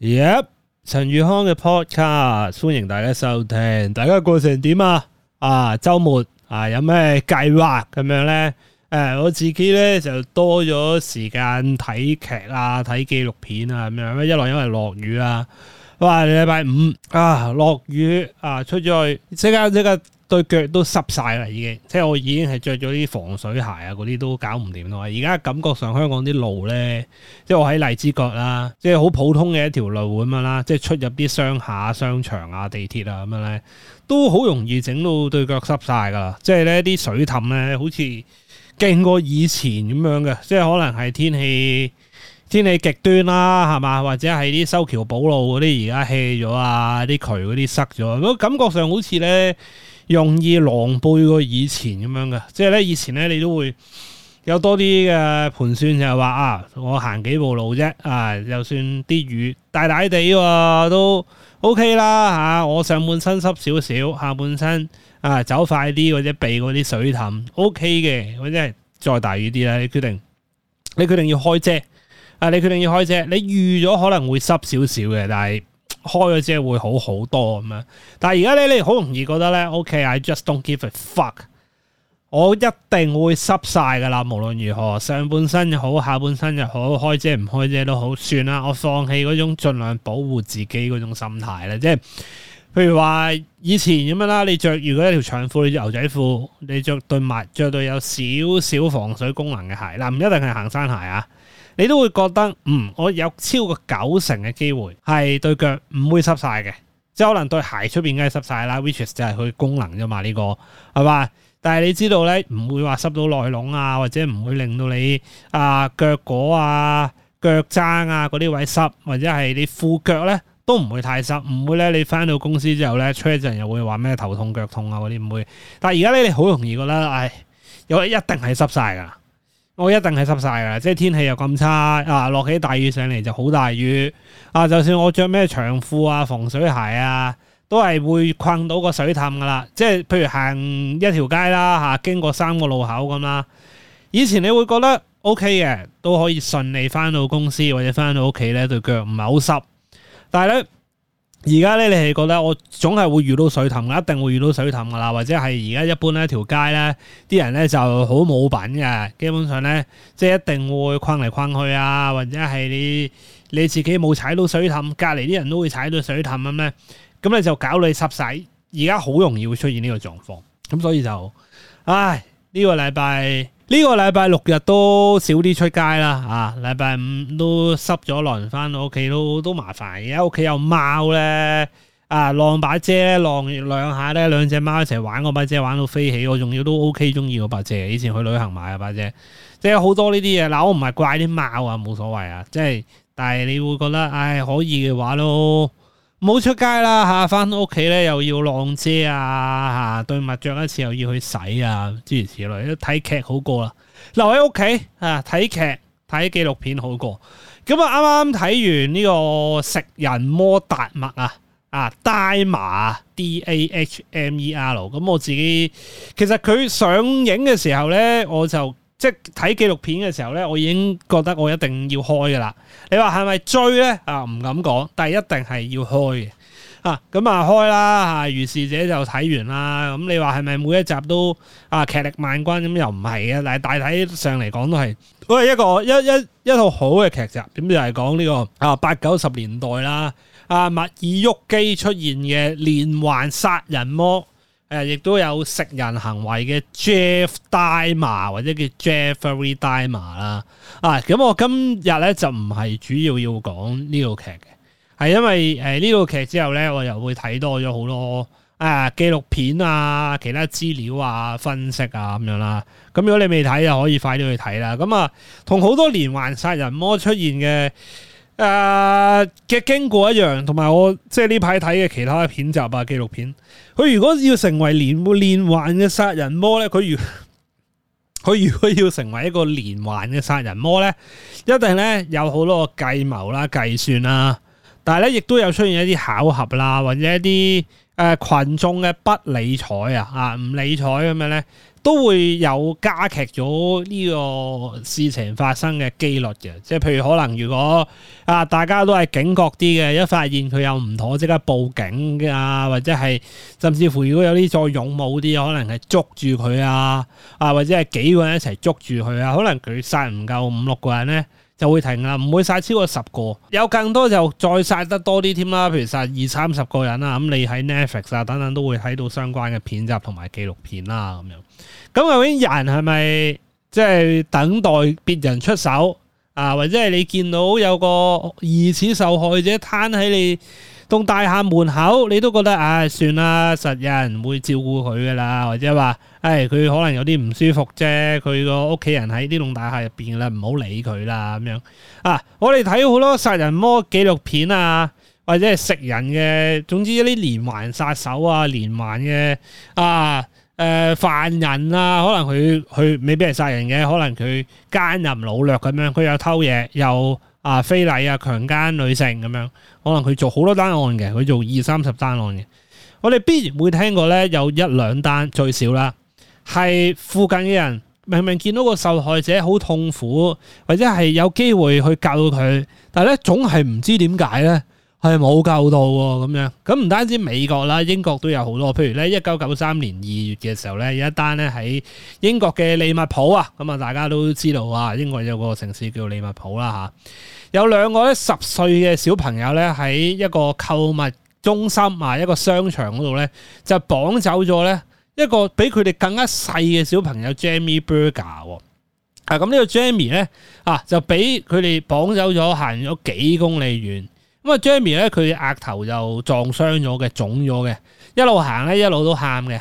Yep，陳宇康嘅 podcast，歡迎大家收聽。大家過成點啊,啊,啊,啊,啊？啊，周末啊，有咩計劃咁樣咧？誒，我自己咧就多咗時間睇劇啊，睇紀錄片啊咁樣。一來因為落雨啦、啊，哇！禮拜五啊，落雨啊，出咗去，即刻即刻。對腳都濕晒啦，已經即係我已經係着咗啲防水鞋啊，嗰啲都搞唔掂咯。而家感覺上香港啲路呢，即係我喺荔枝角啦，即係好普通嘅一條路咁樣啦，即係出入啲商廈、商場啊、地鐵啊咁樣很呢，都好容易整到對腳濕晒噶啦。即係呢啲水氹呢，好似經過以前咁樣嘅，即係可能係天氣天氣極端啦，係嘛？或者係啲修橋補路嗰啲而家棄咗啊，啲渠嗰啲塞咗，咁感覺上好似呢，容易狼狽過以前咁樣嘅，即係咧以前咧你都會有多啲嘅盤算就是說，就係話啊，我行幾步路啫，啊，就算啲雨大大地喎，啊，都 OK 啦嚇，啊，我上半身濕少少，下半身啊走快啲或者避嗰啲水氹，OK 嘅，或者係再大雨啲咧，你決定，你決定要開遮，啊，你決定要開遮，你預咗可能會濕少少嘅，但係。開咗遮會好好多咁樣，但係而家咧你好容易覺得咧，OK，I just don't give a fuck，我一定會濕晒噶啦，無論如何，上半身又好，下半身又好，開遮唔開遮都好，算啦，我放棄嗰種盡量保護自己嗰種心態啦，即係譬如話以前咁樣啦，你着如果一條長褲，你着牛仔褲，你着對襪，着對有少少防水功能嘅鞋，嗱唔一定係行山鞋啊。你都會覺得，嗯，我有超過九成嘅機會係對腳唔會濕晒嘅，即係可能對鞋出邊嘅濕晒啦，which is 就係佢功能啫嘛，呢個係嘛？但係你知道咧，唔會話濕到內囊啊，或者唔會令到你、呃、腳果啊腳裹啊腳踭啊嗰啲位置濕，或者係你褲腳咧都唔會太濕，唔會咧你翻到公司之後咧出一 e 又會話咩頭痛腳痛啊嗰啲，唔會。但係而家咧，你好容易覺得，唉，有一定係濕晒噶。我一定係濕晒噶，即係天氣又咁差啊！落起大雨上嚟就好大雨啊！就算我着咩長褲啊、防水鞋啊，都係會困到個水氹噶啦。即係譬如行一條街啦、啊，經過三個路口咁啦。以前你會覺得 OK 嘅，都可以順利翻到公司或者翻到屋企咧，對腳唔係好濕，但係咧。而家咧，你係覺得我總係會遇到水氹，一定會遇到水凼噶啦，或者係而家一般咧條街咧，啲人咧就好冇品嘅，基本上咧即係一定會框嚟框去啊，或者係你你自己冇踩到水凼，隔離啲人都會踩到水凼咁咩，咁你就搞你濕晒。而家好容易會出現呢個狀況，咁所以就唉呢個禮拜。呢個禮拜六日都少啲出街啦，啊！禮拜五都濕咗，落完翻到屋企都都麻煩。而家屋企有貓咧，啊晾把遮，晾兩下咧，兩隻貓一齊玩個把遮，玩到飛起。我仲要都 OK，中意個把遮。以前去旅行買個把遮，即係好多呢啲嘢。嗱，我唔係怪啲貓啊，冇所謂啊。即係，但係你會覺得，唉，可以嘅話咯。冇出街啦吓，翻屋企咧又要晾遮啊吓，對襪着一次又要去洗啊，諸如此類。睇劇好過啦，留喺屋企睇劇睇紀錄片好過。咁啊，啱啱睇完呢個食人魔達默啊，啊 D、A、H、M、E、R, D、A、H、M、E、R, D、A、H、M、E、R。咁我自己其實佢上映嘅時候咧，我就。即睇紀錄片嘅時候呢，我已經覺得我一定要開㗎啦。你話係咪追呢？啊，唔敢講，但係一定係要開嘅。啊，咁啊開啦嚇，如是者就睇完啦。咁你話係咪每一集都啊劇力萬鈞？咁又唔係嘅，但係大體上嚟講都係，都係一個一一一套好嘅劇集。點就係、是、講呢、這個啊八九十年代啦，啊麥爾沃基出現嘅連環殺人魔。誒，亦都有食人行為嘅 Jeff Dahmer 或者叫 Jeffrey Dahmer 啦。啊，咁我今日咧就唔係主要要講呢套劇嘅，係因為誒呢套劇之後咧，我又會睇多咗好多啊紀錄片啊、其他資料啊、分析啊咁樣啦。咁、啊、如果你未睇，就可以快啲去睇啦。咁啊，同好多連環殺人魔出現嘅。誒嘅、uh, 經過一樣，同埋我即係呢排睇嘅其他，其他片集啊、紀錄片。佢如果要成為連連環嘅殺人魔咧，佢如佢如果要成為一個連環嘅殺人魔咧，一定咧有好多計謀啦、計算啦，但係咧亦都有出現一啲巧合啦，或者一啲誒羣眾嘅不理睬啊、啊唔理睬咁樣咧，都會有加劇咗呢個事情發生嘅機率嘅，即係譬如可能如果啊大家都係警覺啲嘅，一發現佢有唔妥，即刻報警啊，或者係甚至乎如果有啲再勇武啲，可能係捉住佢啊，啊或者係幾個人一齊捉住佢啊，可能佢殺唔夠五六個人呢。就會停啦，唔會晒超過十個，有更多就再晒得多啲添啦。譬如晒二三十個人啦，咁你喺 Netflix 啊等等都會睇到相關嘅片集同埋紀錄片啦咁樣。咁究竟人係咪即係等待別人出手啊，或者係你見到有個疑似受害者攤喺你棟大廈門口，你都覺得唉、啊，算啦，實有人會照顧佢噶啦，或者話，誒、哎，佢可能有啲唔舒服啫，佢個屋企人喺呢棟大廈入邊噶啦，唔好理佢啦咁樣。啊，我哋睇好多殺人魔紀錄片啊，或者係食人嘅，總之一啲連環殺手啊，連環嘅啊，誒、呃，犯人啊，可能佢佢未必係殺人嘅，可能佢奸淫擄掠咁樣，佢又偷嘢又。啊，非禮啊，強姦女性咁樣，可能佢做好多單案嘅，佢做二三十單案嘅，我哋必然會聽過呢。有一兩單最少啦，係附近嘅人明明見到個受害者好痛苦，或者係有機會去救佢，但係呢，總係唔知點解呢。係冇救到喎，咁樣咁唔單止美國啦，英國都有好多。譬如咧，一九九三年二月嘅時候咧，有一單咧喺英國嘅利物浦啊，咁啊大家都知道啊，英國有個城市叫利物浦啦嚇。有兩個咧十歲嘅小朋友咧喺一個購物中心啊，一個商場嗰度咧就綁走咗咧一個比佢哋更加細嘅小朋友 Jamie Burger。啊，咁呢個 Jamie 咧啊，就俾佢哋綁走咗，行咗幾公里遠。咁啊，Jamie 呢佢嘅額頭就撞傷咗嘅，腫咗嘅，一路行呢，一路都喊嘅，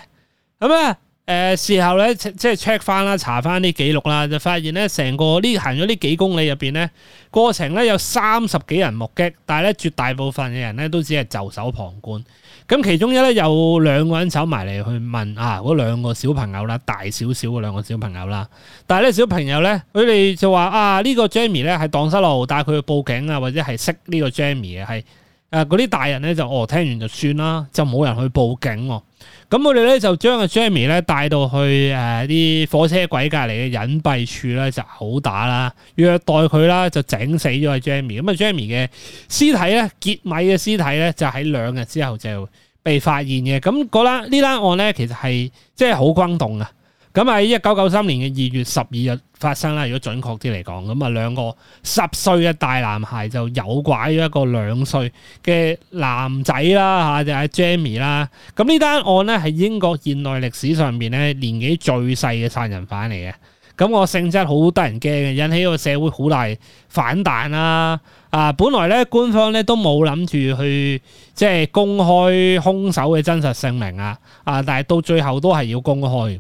咁啊。誒、呃，事後咧即係 check 翻啦，查翻啲記錄啦，就發現咧成個呢行咗呢幾公里入邊咧，過程咧有三十幾人目擊，但係咧絕大部分嘅人咧都只係袖手旁觀。咁其中一咧有兩個人走埋嚟去問啊，嗰兩個小朋友啦，大少少嘅兩個小朋友啦，但係咧小朋友咧佢哋就話啊呢、呢個 Jimmy 咧係蕩失路，帶佢去、哦、去報警啊，或者係識呢個 Jimmy 嘅係誒嗰啲大人咧就哦聽完就算啦，就冇人去報警。咁我哋咧就將阿 Jamie 咧帶到去誒啲火車軌隔籬嘅隱蔽處咧就好打啦，虐待佢啦，就整死咗阿 Jamie。咁阿 Jamie 嘅屍體咧，結米嘅屍體咧就喺兩日之後就被發現嘅。咁嗰單呢單案咧，其實係即係好轟動啊！咁喺一九九三年嘅二月十二日發生啦。如果準確啲嚟講，咁啊兩個十歲嘅大男孩就誘拐咗一個兩歲嘅男仔啦，就係 Jamie 啦。咁呢單案咧係英國現代歷史上邊咧年紀最細嘅殺人犯嚟嘅。咁我性質好得人驚嘅，引起個社會好大反彈啦。啊，本來咧官方咧都冇諗住去即係公開兇手嘅真實姓名啊。啊，但係到最後都係要公開。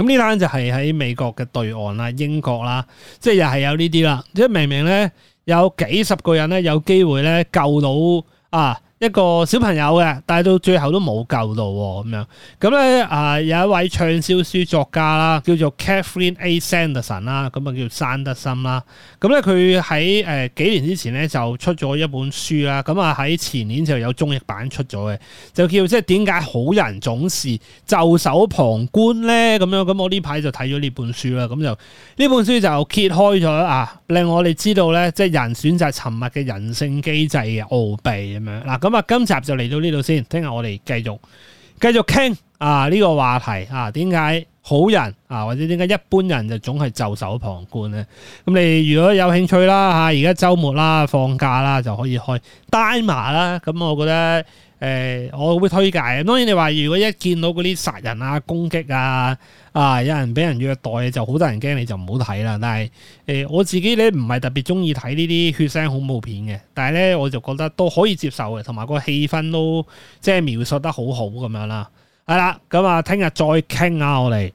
咁呢單就係喺美國嘅對岸啦、英國啦，即係又係有呢啲啦，即係明明咧有幾十個人咧，有機會咧救到啊！一個小朋友嘅，但係到最後都冇救到喎。哦，咁樣咁咧，啊有一位暢銷書作家啦，叫做 Kathleen A. Sanderson 啦，啊，咁啊叫做山德森啦，咁咧佢喺，誒幾年之前咧就出咗一本書啦，咁啊喺前年就有中譯版出咗嘅，就叫即係點解好人總是袖手旁觀咧？咁樣咁，啊、我呢排就睇咗呢本書啦，咁，啊、就呢本書就揭開咗啊，令我哋知道咧，即、就、係、是、人選擇沉默嘅人性機制嘅奧秘咁樣嗱，咁，啊。啊啊啊咁啊，今集就嚟到呢度先，聽日我哋繼續繼續傾啊呢、這個話題啊，點解好人啊或者點解一般人就總係袖手旁觀呢？咁你如果有興趣啦吓，而家周末啦、啊、放假啦、啊、就可以開達默啦、咁、啊、我覺得。誒、欸，我會推介。當然你話如果一見到嗰啲殺人啊、攻擊啊、啊有人俾人虐待，就好多人驚，你就唔好睇啦。但係誒、欸，我自己咧唔係特別鍾意睇呢啲血腥恐怖片嘅，但係咧我就覺得都可以接受嘅，同埋個氣氛都即係描述得好好咁樣啦。係、嗯、啦，咁啊，聽日再傾啊，我哋。